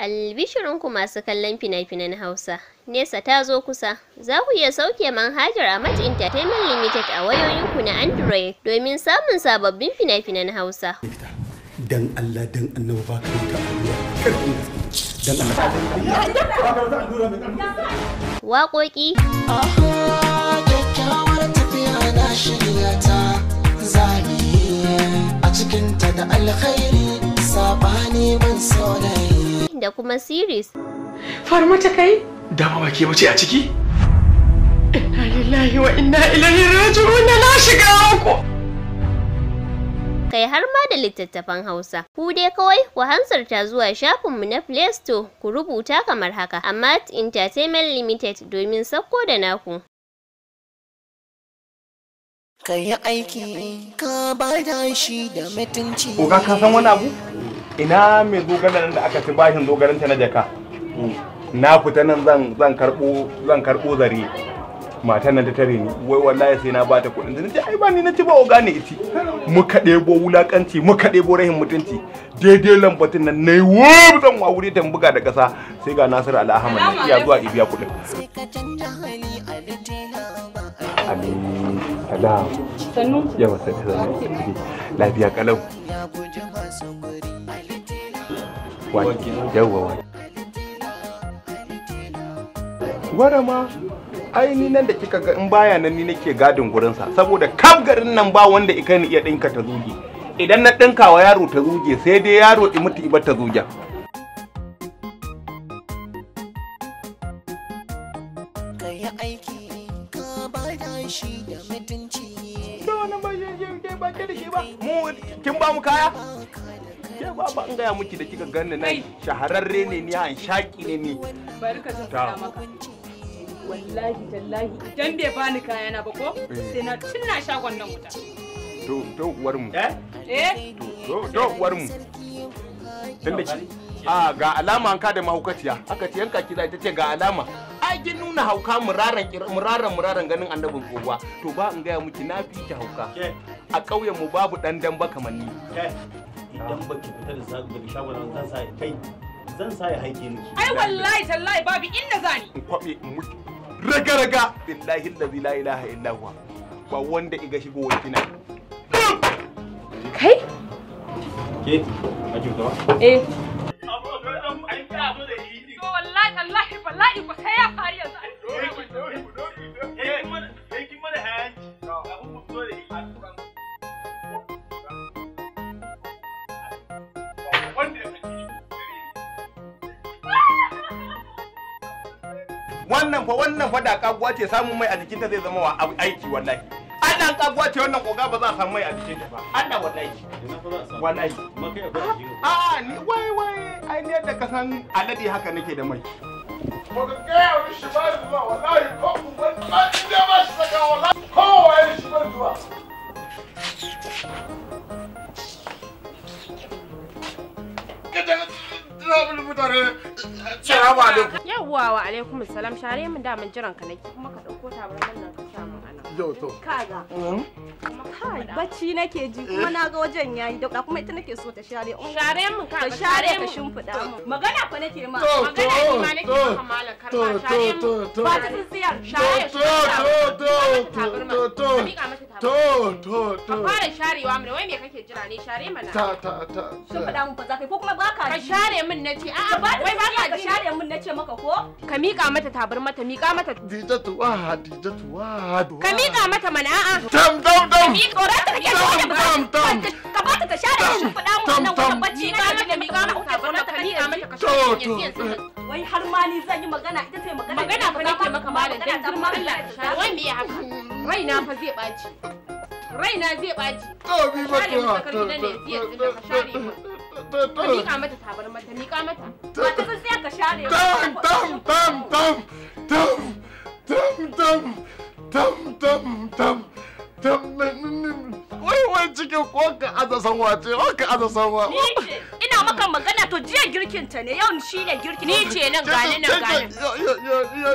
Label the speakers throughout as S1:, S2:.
S1: Albishirinku masu kallon fina-finan Hausa, Nesa ta zo kusa, za ku iya sauke manhajar Amat Entertainment Limited a wayoyinku na Android domin samun sababbin fina-finan Hausa.
S2: Dan Allah dan annabi ba ka da Dan
S1: Allah. Waƙoƙi.
S3: a cikinta da alkhairi saɓani ban saurayi.
S1: da kuma series.
S2: Faru mata kai? Dama ba ke wuce a ciki? Inna lillahi wa inna ilaihi raji'un na shiga uku.
S1: Kai har ma da littattafan Hausa. Ku dai kawai ku ta zuwa shafinmu na Play Store ku rubuta kamar haka, amma Entertainment Limited domin sakko da naku. kai aiki ka bada shi da mutunci.
S4: Oga ka san wani abu?
S2: ina mai nan da aka ci bashin zogalenta na jaka hmm. na fita nan zan zan karbo zan karbo zare matan nan ta tare ni wai wallahi sai na bata kuɗin da nace ai ba ni nace ba o gane iti muka ɗebo wulakanci muka ɗebo rahin mutunci daidai lambatin nan nayi wuf zan wuri ta buga da kasa sai ga Nasiru Al Ahmad iya zuwa ibiya kuɗin Amin salam yawa sai lafiya kalau wake yawwa nan da kika ga in baya nan ni nake gadin gurinsa saboda kaf garin nan ba wanda ika ni iya dinka ta zuge idan na dinka wa yaro ta zuge sai dai yaro i mutu ibar ta zugen kin ba mu kaya ke ba ba an gaya miki da kika ganni nan shahararre ne ni an shaki ne ni
S3: bari ka zanta maka wallahi tallahi
S1: idan bai bani kayana ba ko eh. sai na cinna shagon nan wuta
S2: to to uwar mu eh, eh? to to uwar mu tunda ki a ga alama an ka da mahaukaciya aka ce yanka ki ita ce ga alama ai kin nuna hauka muraran muraran muraran ganin annabin kowa to ba in gaya miki na fi ki hauka a ƙauyen mu babu dan dan ba kamar ni idan baki fita da daga shagon zan sa ya kai zan sa ya haike miki ai wallahi
S1: tallahi babu inda zani
S2: in kwabe in mutu raga raga billahi allazi la ilaha illa huwa ba wanda iga shigo wani kina kai ke a kyauta ba eh
S3: wallahi tallahi wallahi ba sai ya faru yanzu
S2: wannan fa wannan fa da kaguwa ce samun mai a jikinta zai zama wa aiki wallahi ana kaguwa ce wannan koga ba za a samu mai a jikinta ba ana wallahi wallahi a ni wai wai ai ne da ka san alade haka nake da mai
S4: ko ga gaya wani shi ba zuwa wallahi ko kuma ba shi ba shi saka wallahi ko wai shi ba zuwa
S1: Kada na mutane, salamu alaikum. yawwa wa alaikum salam share min da mun jiran ka nake kuma ka dauko bar nan ka sha
S4: mun ana yo to kaga mm.
S1: kai bacci nake ji kuma eh. na ga wajen yayi da kuma ita nake so ta share in share mun ka share ka shimfida mun magana fa nake ma magana ni ma nake maka share mun ba ta tsiyar share to to to to to to To,
S4: to, to. Ka fara sharewa mu
S1: wai me kake jira ne share mana. Ta, ta, ta. Shin faɗa mun ba za ko kuma ba ka ji. Ka share min na ce, a'a ba wai ba ji. Ka share min na maka ko? Ka miƙa mata tabar mata, miƙa mata. Dijatu wa, dijatu wa. Ka miƙa mata mana a'a. Tam, tam, tam. Ka mika ora ta kake share Tam, tam, tam. Ka ba ta ta share shi faɗa mun nan bacci ka mika mata mika mata, ka mika mata ka share wai har ma ni zan yi magana ita ce magana magana fa nake maka malam dan girma Allah ya sha wai me haka raina fa zai baci raina zai baci to bi ba to to
S4: ta ta ta mata
S1: tabar mata mika mata ta ta sai ka share tam tam
S4: tam tam tam tam tam tam tam tam wai wai cikin wanka aza sanwa ce wanka aza sanwa
S1: ina maka magana to jiya girkin ta ne yau shi ne girkin ni ce nan gani nan gani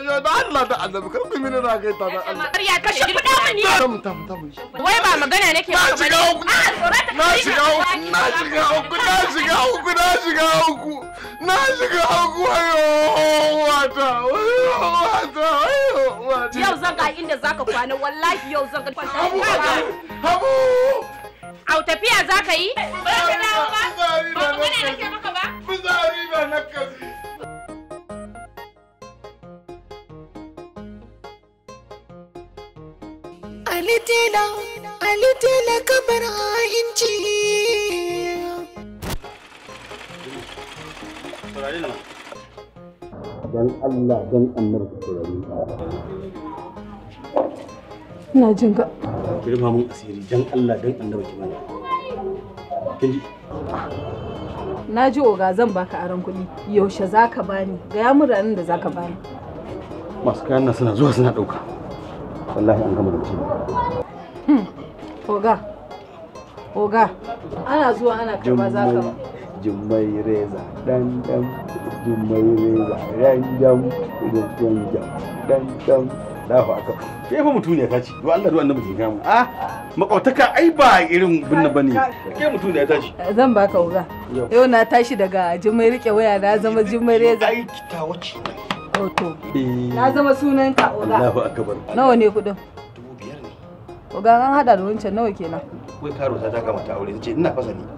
S4: Ya da Allah da annabi kar ku mini na ta da Allah ya kashe kuɗa mani tam tam tam
S1: wai ba magana nake maka ba
S4: na shiga ah, uku na shiga uku na shiga uku na shiga uku na shiga
S1: uku ayo wata wata ayo wata yau zan ga inda zaka kwana wallahi yau zan ga Habu! Au tafiya za ka yi? Ba ka dawo ba? Ba ku gane nake maka ba? Fitsari na nakazi.
S3: Ali tela, Ali
S2: Don Allah don annar da ina jin ka ki rufa mun asiri dan Allah dan annabi ki bani kin ji
S3: na ji oga zan baka aron kuɗi yaushe zaka bani gaya mun ranar da zaka bani
S2: masu kayan nan suna zuwa suna ɗauka wallahi an gama da
S3: hmm. oga oga ana zuwa ana karba zaka ba
S2: jummai reza dan dan jummai reza dan dan dan jam dan Allahu akbar ke fa mutu ne ta ce do Allah do annabi jin mu ah makautaka ai ba irin binne bane ke mutu ne ta ce
S3: zan baka uga yau na tashi daga jimai rike waya na zama jimai reza ai kita wace to eh. na zama sunan ka uga Allahu akbar nawa ne kudin uga an hada da wancan nawa kenan kai
S2: karo ta gama ta aure ta ce
S3: ina fasa ne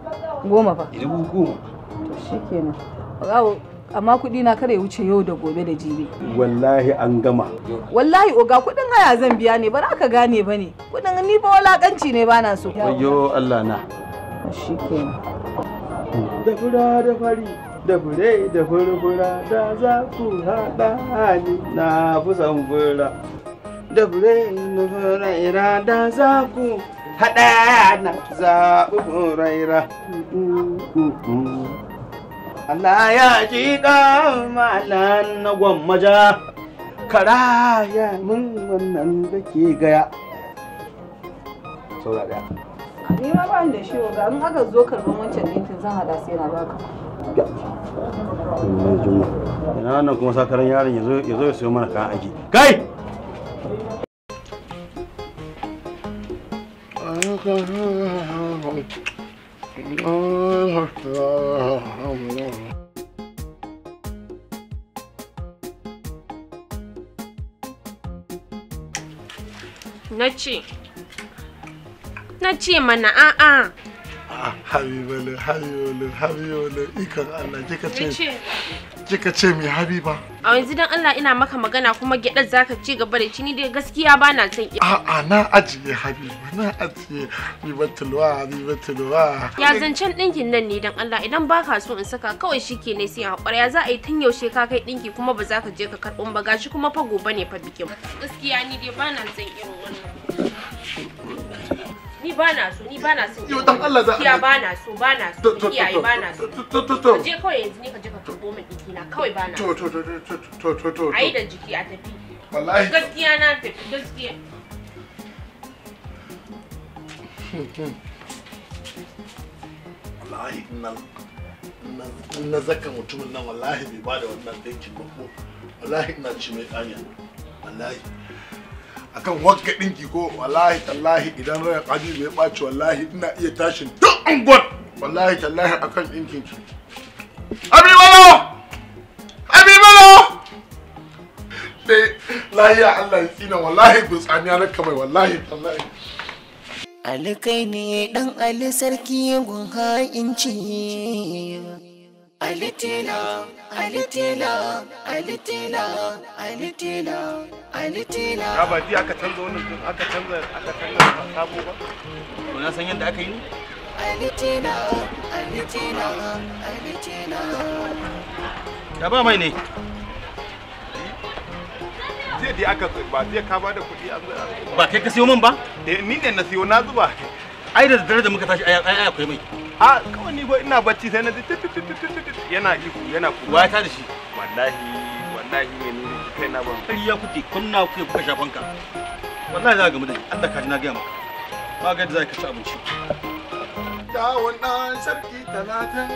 S3: goma fa dubu goma to shikenan uga amma kuɗi na kare wuce yau da gobe da jibi.
S2: Wallahi an gama.
S3: Wallahi oga kuɗin haya zan biya ne ba za ka gane ba ne. Kuɗin ni ba walakanci ne ba na so. Wayo
S2: Allah na. Shi Da fura da fari da
S3: fure da furfura
S2: da za ku haɗa hali na fi son fura. Da fure da fura ira da za ku haɗa na zaɓi fura mm, mm, mm, Allah ya ji malan na gwammaja kara ya min wannan da ke gaya. Saura ɗaya.
S3: Ni ma ba da shi ga in aka zo karɓar wancan ɗinkin zan hada sai na baka.
S2: Ina wannan kuma sakaran yaron ya zo ya sayo mana kayan aiki. Kai!
S4: yi Allah Vamos, vamos.
S1: Na ce, na ce mana a'a.
S4: Habibale, ah, habibale, habibale, ikan Allah kika ce. kika ce mai habiba
S1: a yanzu don Allah ina maka magana kuma za ka ci gaba da cini dai gaskiya ba na son ki A'a
S4: na ajiye habiba na ajiye habiba tulwa habiba tulwa ya
S1: zancen ɗinkin nan ne don Allah idan baka so in saka kawai ke ne sai haƙwar ya za a yi tun yaushe ka kai ɗinki kuma ba za ka je ka karbon ba gashi kuma fa gobe ne fa bikin gaskiya ni dai ba na son irin wannan ni ba na so ni ba na so yau dan Allah za a ba na so ba na so iyaye ba na so to to to je kawai yanzu ne ka je ka tubo min jiki na kawai ba na to to
S4: to to to to ai da jiki a tafi wallahi
S1: gaskiya na tafi gaskiya
S4: wallahi na zaka mutumin nan wallahi bai ba da wannan dinkin ba ko wallahi ina ci mai kanya wallahi akan wakka dinki ko wallahi tallahi idan ran habibu ya ɓaci wallahi ina iya tashin duk unguwar wallahi tallahi akan dinkin ki abibalo abibalo dai lahiya Allah ya tsina wallahi gutsaniya na kamar wallahi tallahi Alkai ne dan Ali sarki gun ha'inci.
S3: Alitila, Alitila, Alitila, Alitila, ba aka
S2: aka ba. mai ne. aka ba da kuɗi an Ba kai ka siyo min ba? Eh, ni ne na siyo na zuba. ai da dare da muka tashi ai ai akwai mai a kawai ni ko ina bacci sai na ji yana iko yana ku waya ta da shi wallahi wallahi ne ni kai na ban kariya kuke kunna kuke kuka shafanka wallahi za ka gamu da Allah ka ji na ga maka ba ga da za ka ci abinci
S4: kyawun ɗan sarki talatin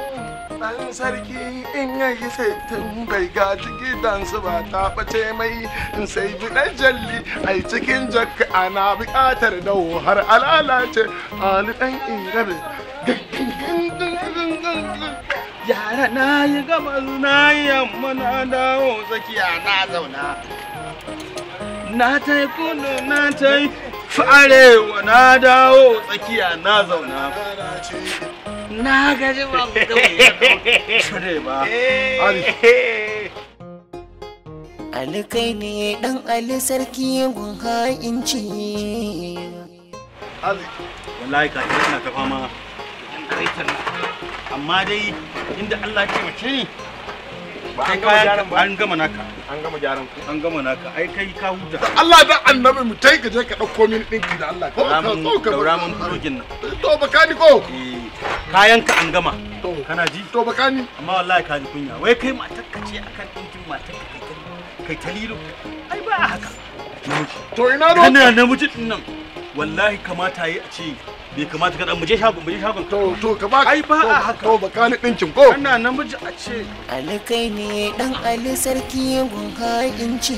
S4: ɗan sarki in yayi sai tun bai ga ciki su ba ta ɓace mai in sai bi ɗan jalli ai cikin a ana buƙatar dawo har alalace ali ɗan irabe
S2: yara na yi gabas na yi yamma na dawo tsakiya na zauna na ta yi kudu na ta yi fi arewa na dawo tsakiya na zauna
S3: na gaji
S2: ba mu da cire
S3: Ali kai ne dan Ali sarki gun
S4: ha'inci.
S2: Ali, wallahi ka ina ta fama. Amma dai inda Allah ya taimake ni kai kayan an gama naka an gama gyaran ku an gama naka ai kai ka huta Allah da annabi mu tai ka je ka dauko min dinki da Allah ka ka daura mun nan to ko eh, kayan ka an gama kana ji to amma wallahi ka ji kunya wai kai matar ka ce akan dinkin matar ka kai ta lilo ai ba haka to ina ro kana namiji din nan wallahi kamata yi a ce bai kamata ka dan muje shagon muje shagon to to ka ba ai ba a haka to baka ni dinkin ko ina muje a ce alkai ne
S3: dan ali sarki gun haƙin ci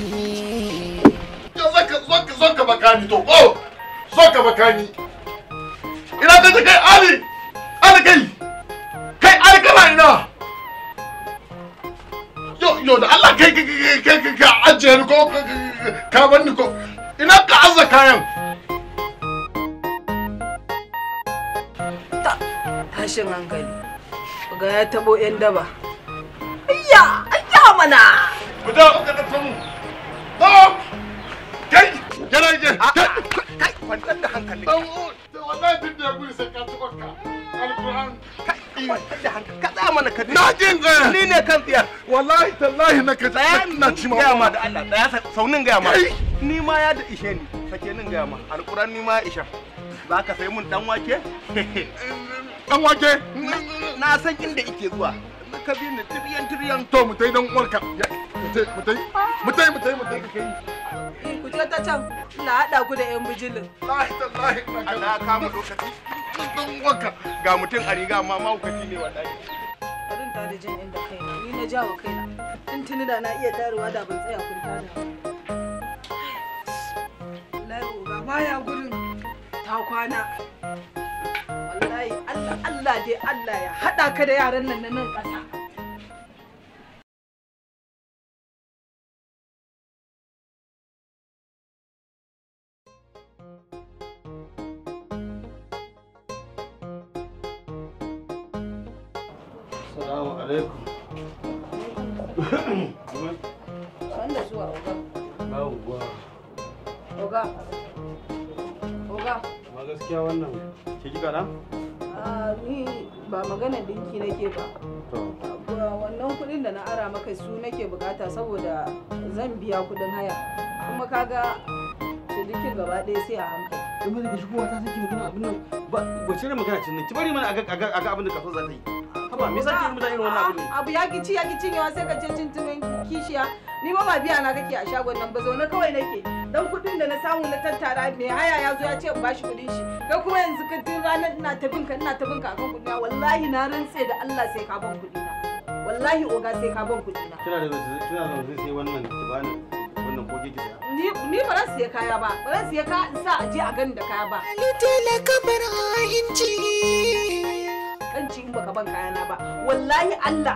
S4: ya zaka zaka zaka baka ni to ko zaka baka ni ina ka kai ali ali kai kai ali kana ina yo yo da Allah kai kai kai kai ka ajiye ni ko ka bar ni ko ina
S3: ka azza kayan tashin hankali ga ya tabo yan daba ayya ayya mana ku da ku da tamu ba kai kana
S4: je ah, ah, ah, kai kwantar da hankali wallahi din da gudu sai ka tukarka alquran mana ka ni ne kan wallahi
S2: tallahi na ka na ci ma ma da Allah saunin ga ma ni ma ya da ishe ni sake nin ga ma alquran ni ma ya isha ka sai mun dan wake Dan wake. Na san inda ike zuwa. Ka bi ni tiriyan tiriyan. To mu tai dan
S3: uwarka. Mu tai mu tai mu tai mu tai kai. Eh, ku je ta can. Na hada ku da yan bijilin. Wallahi tallahi Allah ka mu lokaci. Dan uwarka ga
S2: mutum a riga amma mahaukaci ne wallahi.
S3: Barin ta da jin inda kai ni na jawo kaina. In tuni da na iya tarowa da ban tsaya kun tada. baya gurin ta kwana. Wallahi Allah dai Allah ya haɗa ka da yaran nan na nan ƙasa. oga. oga.
S2: Ma gaskiya wannan ke ji
S3: ni ba magana dinki nake ba wannan kudin da na ara maka su nake bukata saboda zan biya kudin haya kuma kaga cinikin gaba ɗaya sai a hankali kuma ba zai shigowa ta sake magana abin nan
S2: ba wace ne magana cin ki bari mana a ga abin da kaso za ta yi haba me yasa ki mutane irin wannan abin
S3: abu ya ki ci ya ki cinyewa sai ka ce cin tumin kishiya ni ba ba biya na kake a shagon nan ba zaune kawai nake dan kuɗin da na samu na tattara mai haya ya zo ya ce in shi kudin shi kai kuma yanzu ka tun ranar ina ta binka ina ta binka akan kuɗina wallahi na rantse da Allah sai ka ban kuɗina wallahi oga sai ka ban kuɗina
S2: kina da kina da sai wannan tibani wannan ko kike
S3: ni ni ba ran sai kaya ba ba ran sai ka sa aje a gani da kaya ba litala kabar ahinci kanci in baka ban kayana ba wallahi Allah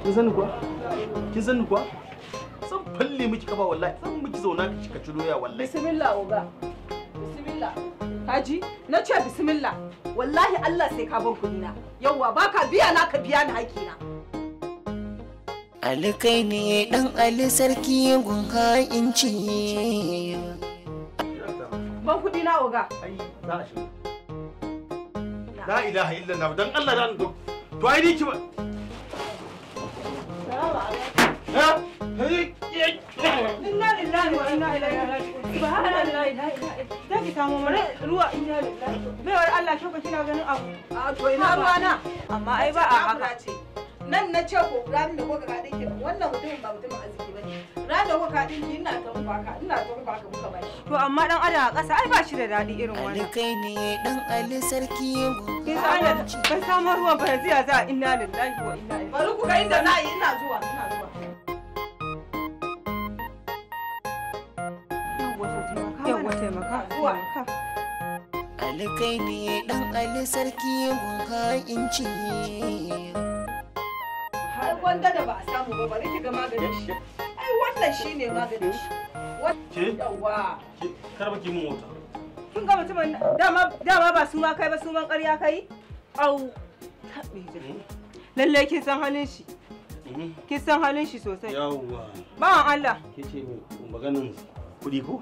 S2: kin sani kuwa kin sani kuwa zan falle miki kaba wallahi zan miki zauna ki cika
S3: ci doya wallahi bismillah oga bismillah kaji na ce bismillah wallahi Allah sai ka ban kuɗi na yauwa baka biya na ka biya ni haƙi na Ali ne dan Ali sarki gun ha'inci ban kuɗi na oga ai za a shiga
S2: la ilaha illallah dan Allah dan to ai ni ki ba
S3: Salamu alaikum.
S2: Eh? Inna
S3: A na. Amma ai ba a haka. Nan na ce ko ranar da kuka wannan mutumin ba mutumin arziki ba ne. da kuka kaɗin ki ina ta ka ina ka muka To amma dan adam a ƙasa ai ba shi da daɗi irin wannan. Ali kai ne dan Ali sarki Kin san da ruwan ba yanzu za inna lillahi wa inna ilaihi. Bari ku ga inda na yi ina zuwa ina zuwa. ina zuwa Ali kai ne dan Ali sarki gunka in ci Har gwanda da ba a samu ba bari ki ga maganin shi Ai wannan shine maganin shi Ke? Yawa Ke karba ki mun Kin ga mutumin dama dama ba su ma kai ba su man ƙarya kai Au hmm? kin san halin shi hmm? Kin san halin shi sosai Yawa Ba Allah
S2: Ke ce maganin kuɗi ko?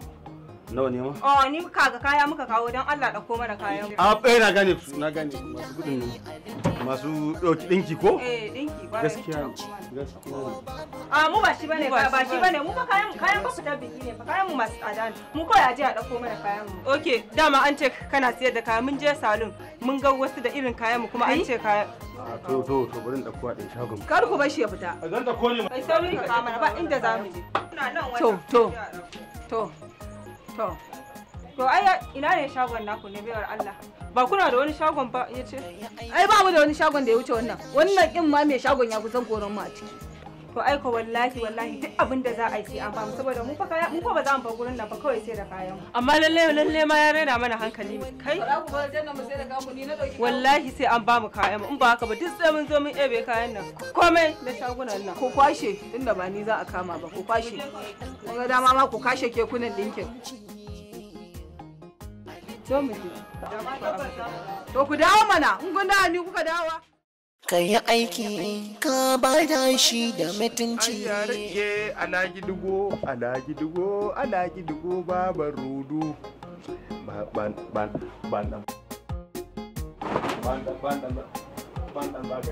S2: nawa ne ma
S3: oh ni kaga kaya muka kawo don Allah dauko mana kayan a
S2: ah, eh na gane su na gane masu gudun ne masu dauki dinki ko
S3: eh dinki ba gaskiya gaskiya a ah, mu ba shi bane ba shi bane mu fa kayan kayan ba fitar biki ne fa kayan mu masu tsada ne mu ya je a dauko mana kayan mu okay dama an ce kana siyar da kaya mun je salon mun ga wasu da irin kayan mu kuma an ce kaya ah, to
S2: to to bari in dauko a din shagon
S3: kar ku bar shi ya fita zan dauko ne mai sauri ka kama ba inda zamu je to to to To, to ai ina ne shagon naku ne bayar Allah. Ba kuna da wani shagon ba ya ce? Ai ba mu da wani shagon da ya wuce wannan. Wannan ɗin ma mai shagon ya kusan koron mu a ciki. to aiko wallahi wallahi duk abin da za a yi sai an bamu saboda mu fa kaya mu fa ba za mu bar gurin nan ba kawai sai da kayan mu amma lalle lalle ma ya raina mana hankali kai wallahi sai an bamu kayan mu in ba haka ba duk sai mun zo mun ebe kayan nan komai na shagunan nan ko kwashe tunda ba ni za a kama ba ko kwashe ko ga dama ma ku kashe kekunan dinkin to mu je to ku dawo mana in kun dawo ni kuka dawo ka yi aiki ka ba da
S2: shi da mutunci rike alagi dugo alagi dugo alagi dugo babar rudu ban ban ban ban ban ban ban ban ban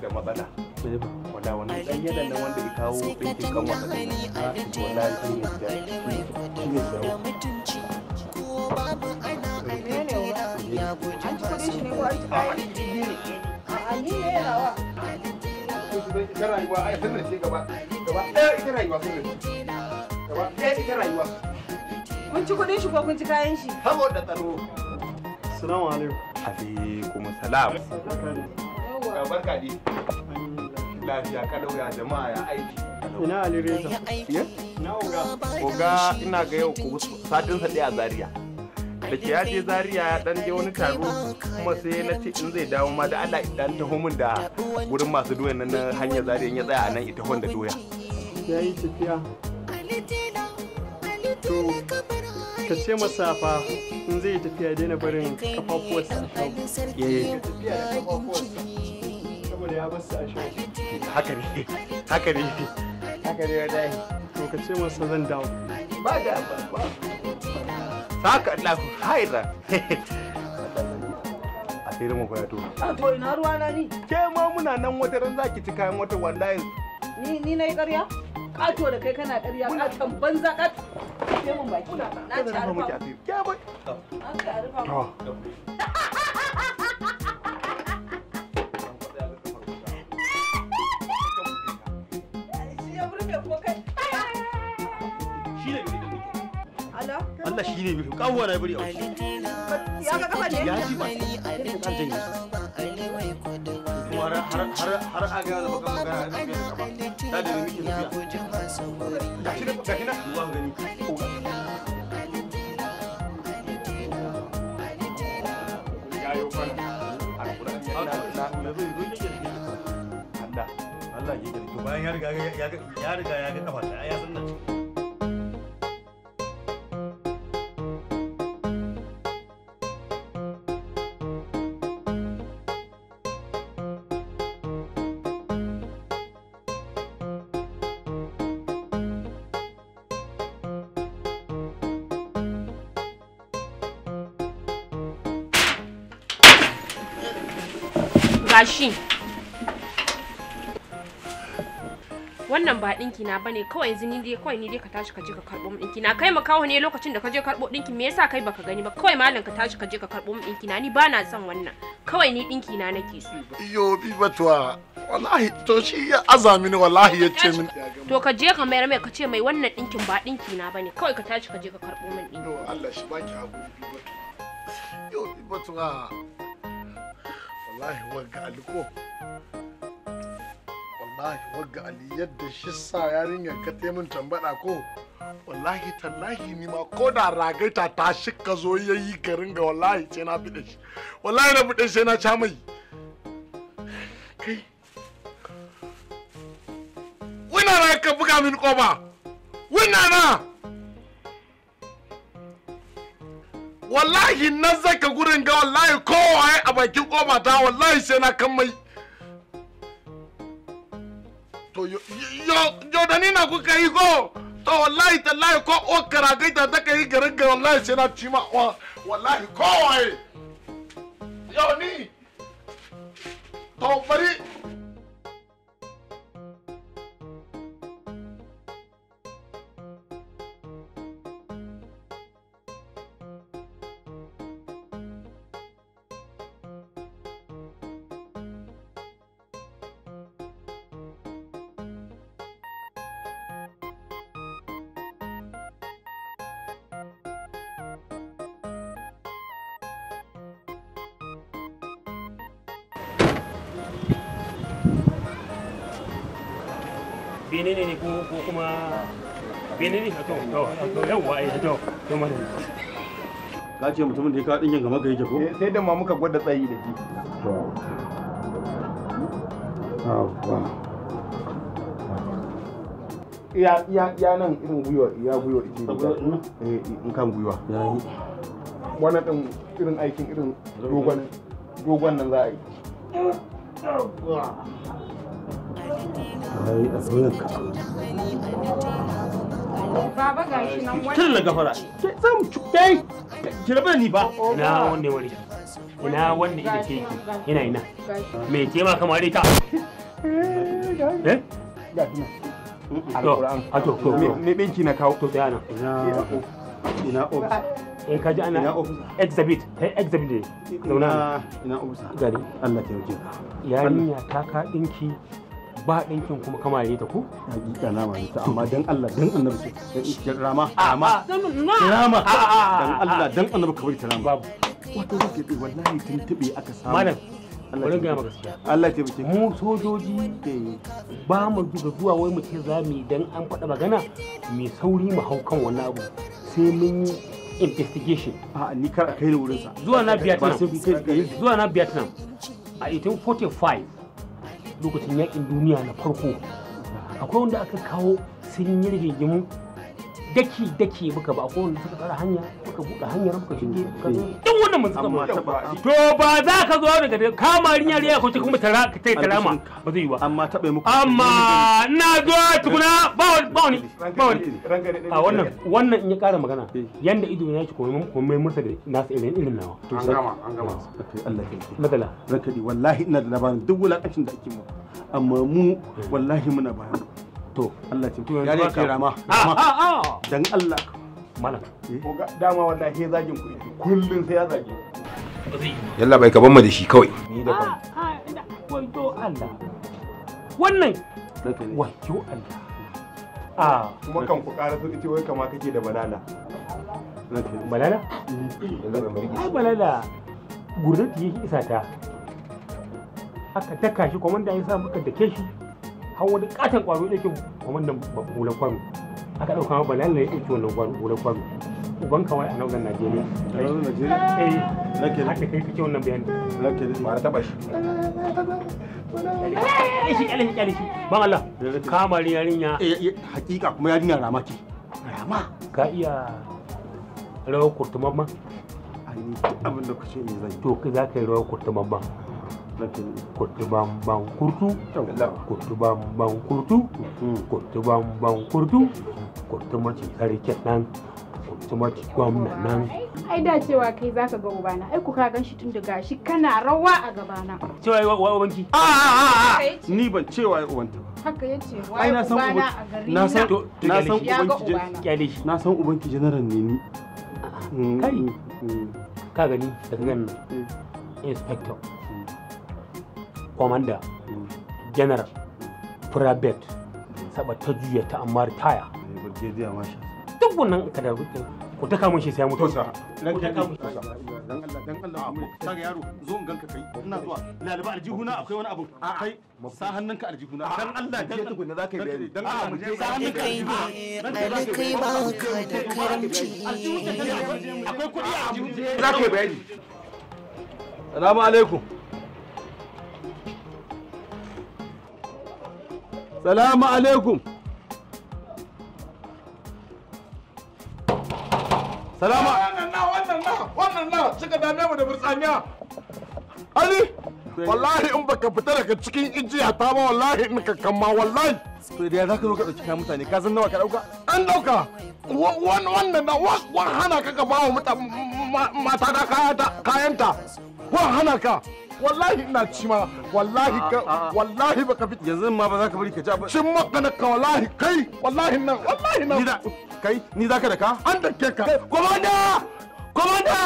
S2: da matsala wanda nan wanda ya kawo ɗinkin kan wannan a cikin da ita rayuwa ai sirri
S3: shi ko kun ci kayan shi saboda tsaro
S2: salamu alaikum alaikum salam barka dai lafiya ka dauya jama'a ya aiki ina alireza ya na oga oga ina ga yau ku satin sa ɗaya zaria da ke ya je zaria ya dan je wani taro kuma sai na ce in zai dawo ma da Allah idan ta homin da wurin masu doyan nan na hanyar zaria ya tsaya a nan ita da doya ya yi tafiya to ka ce masa fa in zai tafiya daina barin sa ya yi
S4: tafiya da kafafuwarsa
S2: saboda ya basu a shi haka ne haka ne haka ne wadai to ka ce masa zan dawo
S3: ba da ba
S2: saka Allahu khairan asirin mu ya tuwa a ah, to ina ruwa na ni ke ma muna nan wata ran zaki ci kayan wata yin.
S3: ni ni yi ƙarya kato ah, da kai kana ƙarya katon banza kat ke mun baki na ci a rufa
S2: ke bai ka shi ne biyu kawo na buri a wuce ya ga kafa ne ya ji ba kan har har har a ga baka magana da ke kafa da da miki lafiya da shi da ka kina Allah gani yayo fara Allah Allah ya ga bayan ya riga ya riga ya ga kafa ya san nan
S1: gashi wannan ba dinki na bane kawai yanzu ni dai kawai ni dai ka tashi ka je ka karbo mu dinki na kai makaho ne lokacin da ka je karɓo dinki me yasa kai baka gani ba kawai malam ka tashi ka je ka karɓo mu dinki na ni ba na son wannan kawai ni dinki na nake so
S4: yo bi batuwa wallahi to shi ya azami ni wallahi ya ce min
S1: to ka je ka mayar mai ka ce mai wannan dinkin ba dinki na bane kawai ka tashi ka je ka karɓo min dinki Allah shi baki hakuri bi batuwa
S4: yo bi batuwa wallahi wagga aliko wallahi wagga ali yadda shi sa yarinyar ka ta min tambada ko wallahi tallahi ni ma ko da ragaita ta shi ka zo ya yi garin ga wallahi sai na fide shi wallahi na fide sai na ca mai kai wina na ka buga min koba wina na wallahi na zaka gurin ga wallahi kowaye a bakin koma ta wallahi sai na kan mai to yo da ni na kuka yi ko to wallahi lai ko o karagaita ta kai garin ga wallahi sai na ci ma wallahi kowaye yo ni to bari
S2: bene ne ko kuma bene ne to to yawwa eh to to mana ka ce mutumin da ya kawo dinkin kamar ka yake ko sai da ma muka gwada tsayi da shi iya nan irin gwiwa iya gwiwa ike ne eh, in kan gwiwa wannan din irin aikin irin dogon dogon nan za a yi ai a zaunar ka
S3: Baba gashi nan wani. gafara. Ke zan kai ki rabu da ni ba. ina wanne
S2: wani. Ina wanne ke ina ina. Me ke ma kamar ita? Eh? Gashi Alquran. A ko na kawo to sai ana. Ina ina office. in ka ina ana exhibit kai exhibit ne zauna ina gari Allah ta yauke yarinya ta ka dinki ba ɗinkin kuma kamare ta ku? Hakika na ma ta amma dan Allah dan annabi dan rama Amma
S4: rama dan
S2: Allah dan annabi ka bari ta rama babu wato da ke wallahi tabe aka samu malam
S3: bari ga maka gaskiya
S2: Allah ya tabbata mu sojoji ba mu duka zuwa wai mu ce za mu dan an faɗa magana mai sauri mu hau kan wannan abu sai mun investigation a ni kar a kai da wurinsa zuwa na Vietnam zuwa na Vietnam a 1845 lokacin yakin duniya na farko akwai wanda aka kawo sun yi rigingimu daki daki muka ba kowanne suka tsara hanya muka buɗe hanyar muka shige zo hmm. duk wannan mun suka mata to ba za ka zo daga da kama rinyar ya kwace kuma tara ka tai tarama ba zai yi ba amma taɓe muku amma na zo tukuna ba wani ba wani ba wani a wannan wannan in ya ƙara magana eh. yanda ido ya ci komai komai mursa da nasu irin irin nawa to an gama an gama Allah ya yi matsala rakadi wallahi ina da labarin duk wulakacin da ake mu amma mu eh. wallahi muna bayan to Allah ce to yanzu baka rama a dan Allah eh. Ko ga dama wallahi zagin ku kullun sai ya zage yalla bai kaban mu da shi kawai ni da kan ah, ah, wai to Allah wannan wai to Allah ah. ah, kuma kan ku ƙara su ce wai kama kake da balala balala ai balala Gurdati yake isa ta aka taka shi kuma ya yasa muka dake shi kawo wani katon kwaro ya ɗauki wannan hular kwaro aka ɗauka ma bala'in ya ɗauki wannan hular kwaro uban kawai a nau'in najeriya a nau'in najeriya eh haka kai kake wannan bayani lake ne mara taɓa shi shi ƙyale shi ƙyale shi ban Allah yarinya eh, eh, hakika kuma yarinya rama rama ka iya rawar kurtumamma abin da kuce ne zai to za ka yi rawar kurtumamma lakin kurtu ban ban kurtu kurtu ban ban kurtu kurtu ban ban kurtu kurtu mace sarki nan kurtu mace gwamna nan
S1: ai da cewa kai zaka ga ubana ai ku gan shi tun da gashi kana rawa a gabana
S2: cewa yi wa ubanki a a a ni ban cewa ai ubanta
S3: haka ya ce na ubana a gari na san na san ubanki
S2: kyale shi na san ubanki general ne ni kai mm, mm, mm. ka gani daga nan inspector commander general prabet saba ta juya ta amma ritaya duk wannan ka da ku ta kamun shi sai mutu kamun shi dan Allah dan Allah yaro zo in ganka kai ina zuwa aljihuna akwai wani abu kai sa aljihuna dan Allah dan bayani dan Allah mu dan kai ba ka da karamci akwai kudi a aljihuna zaka yi bayani assalamu alaikum salamu alaikum
S4: salamu wannan na wannan na wannan na cika dame mu da burtsaniya ali wallahi in baka fita daga cikin ijiya ta ba wallahi in ka kama wallahi to da za ka zo ka dauki kayan mutane ka san nawa ka dauka an dauka wannan na wan hana ka ka ba wa mata kayanta wan hana ka wallahi ina ci ma wallahi ka wallahi baka fi yanzu ma ba za ka bari ka ja ba cin maka kana ka wallahi kai wallahi nan wallahi nan ni da kai ni za ka da ka an da ke ka komanda komanda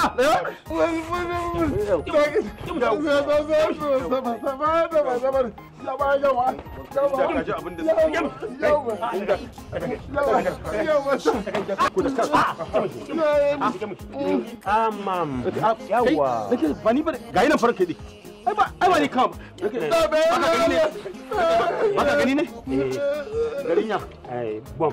S2: Amam. Yawa. Ga yi nan farke ba ba ni kam eh, baka gani ne baka gani ne ya eh, eh bom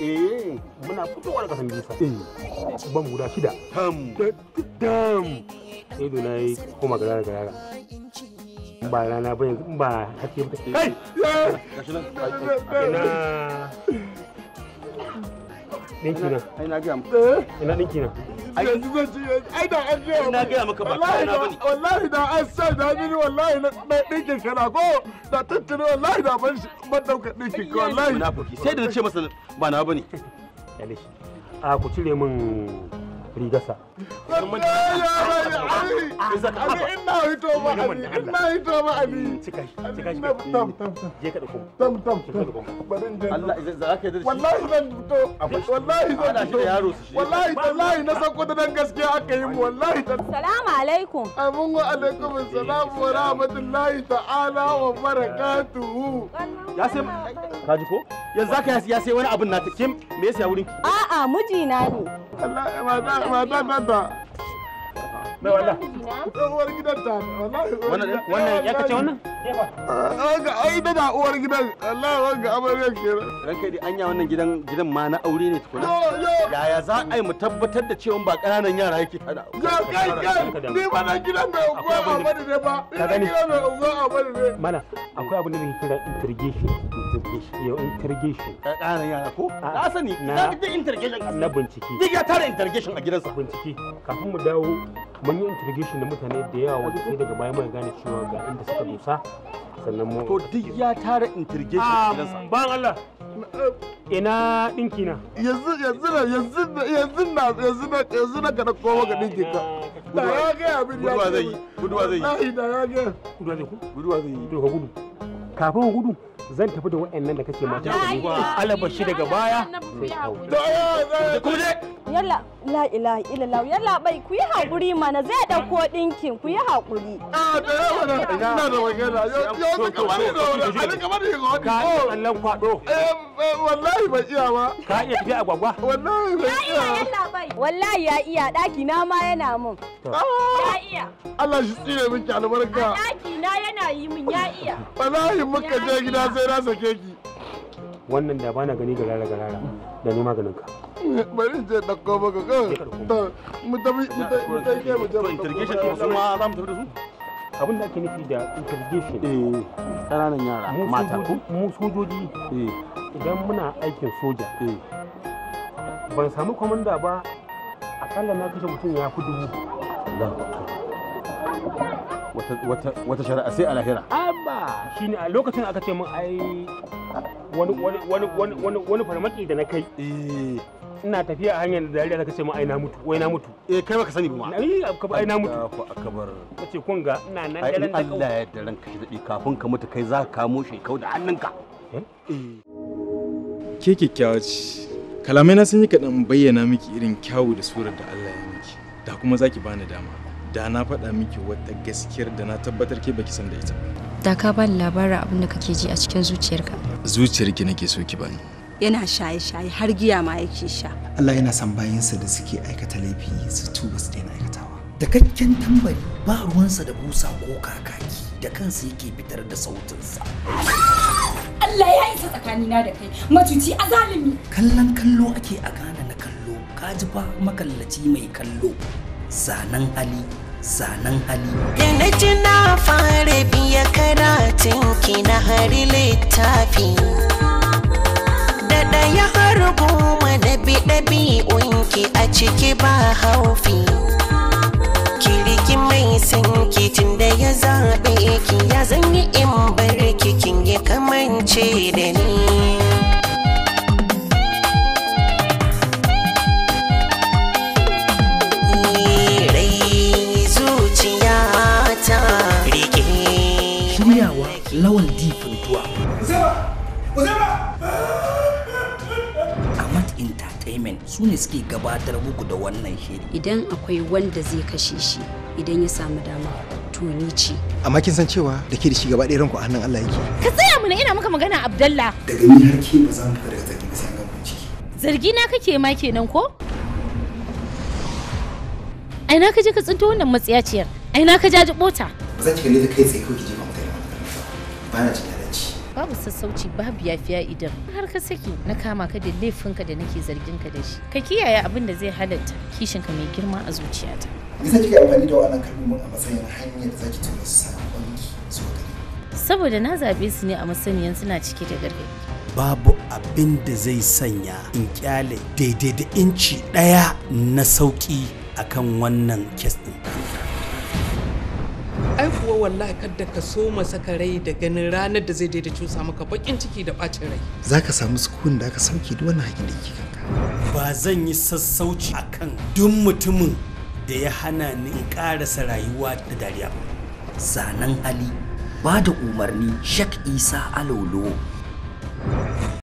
S2: eh muna bisa eh bom guda shida sai eh, kuma gara gara ba rana ba yanzu ba kai Dinki nan. Ai na gaya maka. Eh? Ina dinki nan.
S4: yanzu zan ci ai da an gaya maka. Na gaya maka ba kai na bane. Wallahi da an sa da ni wallahi na dinkin kana ko da tattare wallahi
S2: da ban ban dauka ka wallahi. Munafiki sai da ce masa ba na bane. Yale A ku cire min rigarsa
S4: ina
S1: alaikum
S2: wa alaikum wa rahmatullahi ta'ala wa barakatuhu ya sai ka ji ko yanzu zaka ya sai wani abin na ta kim me yasa wurin ki
S3: a'a mijina ne Allah ma
S2: ba ba ba ba
S4: uwar gidan ta wannan wannan ya kace wannan
S2: ai da uwar gidan Allah wanga anya wannan gidan gidan ma na aure ne tukuna yaya za a yi mu tabbatar da cewa ba ƙananan yara yake hada ya kai kai ni ba na gidan mai uwa a bari ne ba ka gani mana akwai abin da kira interrogation interrogation interrogation ƙananan yara ko na sani na da interrogation na bincike duk ya tara interrogation a gidansa bincike kafin mu dawo mun yi interrogation connection da mutane da yawa wanda sai daga baya mai gane cewa ga inda suka dosa sannan mu to duk ya tara interrogation ɗinsa ban Allah ina dinki na yanzu yanzu
S4: na yanzu na yanzu na yanzu na yanzu na kada kowa ga dinki ka da ya ga abin ya guduwa zai guduwa zai da
S2: ya ga guduwa zai ku guduwa zai to ka gudu kafin gudu zan tafi da wa'annan da kake mata da ni alaba shi daga baya sai
S1: kawo yalla la ilaha illallah yalla bai ku yi hakuri mana zai ɗauko ɗinkin, ku yi hakuri a ah, da yawa da ina da magana
S4: yau kamar da wani kamar da wani. ka kallon kwado eh, eh, wallahi ba iya ba ka iya tafiya agwagwa wallahi
S1: ba iya yalla wallahi ya iya daki na ma yana mun
S4: ah. ya
S1: iya
S2: Allah shi tsire miki albarka
S1: daki na yana yi min ya iya wallahi
S4: muka je
S2: gida sai na sake ki wannan da bana gani garara garara da ne maganin ka
S4: bari je dauko maka mu mu mu mu interrogation ke za mu tafi
S2: da su abin da ake nufi da interrogation eh ƙananan yara mata mu sojoji eh idan muna aikin soja eh ban samu komanda ba akalla na kashe mutum ya fi dubu wata shari'a sai a lahira amma ne a lokacin aka ce mun ai wani farmaki da na kai eh. ina tafiya a hanyar da yariya ta kace mun aina na mutu wai na mutu eh kai baka sani ba ma ai ka ba na mutu Allahu akbar kace kun ga ina nan daren da Allah ya yarda ranka shi dadi kafin ka mutu kai za ka kamo shi kau da hannunka eh? Eh. ke kyakkyawa ce kalamai na sun yi kaɗan bayyana miki irin kyawu da surar da Allah ya miki da kuma zaki bani dama da na faɗa miki wata gaskiyar da na tabbatar ke baki san da ita
S3: da ka bani labarin abin da kake ji a cikin zuciyarka
S2: Zuciyar ki nake so ki bani
S3: yana shaye-shaye har giya ma yake sha
S2: Allah yana son bayansa da suke aikata laifi su tuba su daina aikatawa da kakken tambari ba ruwansa da busa ko kakaki da kansa yake fitar da sautinsa
S3: Allah ya isa tsakanina da kai matuci azalimi kallon kallo ake a gane
S4: na kallo ka ji ba makallaci mai kallo sanan Ali. zanen
S1: hali da na ji na fara biya karatun ki na hari littafi da ɗaya har goma na bi ki a ciki ba haufi kiriki mai san kitin da ya zaɓe ki ya zanyi in barki kikin ya kamance da ni su ne suke gabatar muku da wannan shiri idan akwai wanda zai kashe shi idan ya samu dama to ni ce
S2: amma kin san cewa da ke da shi gaba ɗayan ku a hannun Allah yake
S1: ka tsaya mana ina maka magana Abdallah
S2: daga ni har ke ba zan fita daga zargi sai an ciki
S1: zargi na kake ma kenan ko ai na kaje ka tsinto wannan matsiyaciyar ai na ka jaji bota
S2: zan cika ne da kai tsaye ko ki jefa mutane ba na cikin
S1: babu sassauci babu yafiya idan har ka saki na kama ka da laifinka da nake zargin ka da shi ka kiyaye abin da zai halatta kishinka mai girma a zuciyata
S2: me zaki ga amfani da wannan kalmomin
S4: a
S1: matsayin hanyar da zaki tura sakonki saboda na zabe su ne a masaniyan suna cike da gargadi.
S2: babu abin da zai sanya in kyale daidai da inci ɗaya na sauƙi akan wannan kes ɗin.
S3: kuwa wallahi kadda ka so masa rai da ganin ranar da zai daida cusa
S2: maka bakin ciki da bacin rai za ka samu sukun da aka sauke duk wani haƙin da kanka ba zan yi sassauci akan duk mutumin da ya hana ni in ƙarasa rayuwa
S3: da dariya ba zanen hali ba da umarni shak isa alolo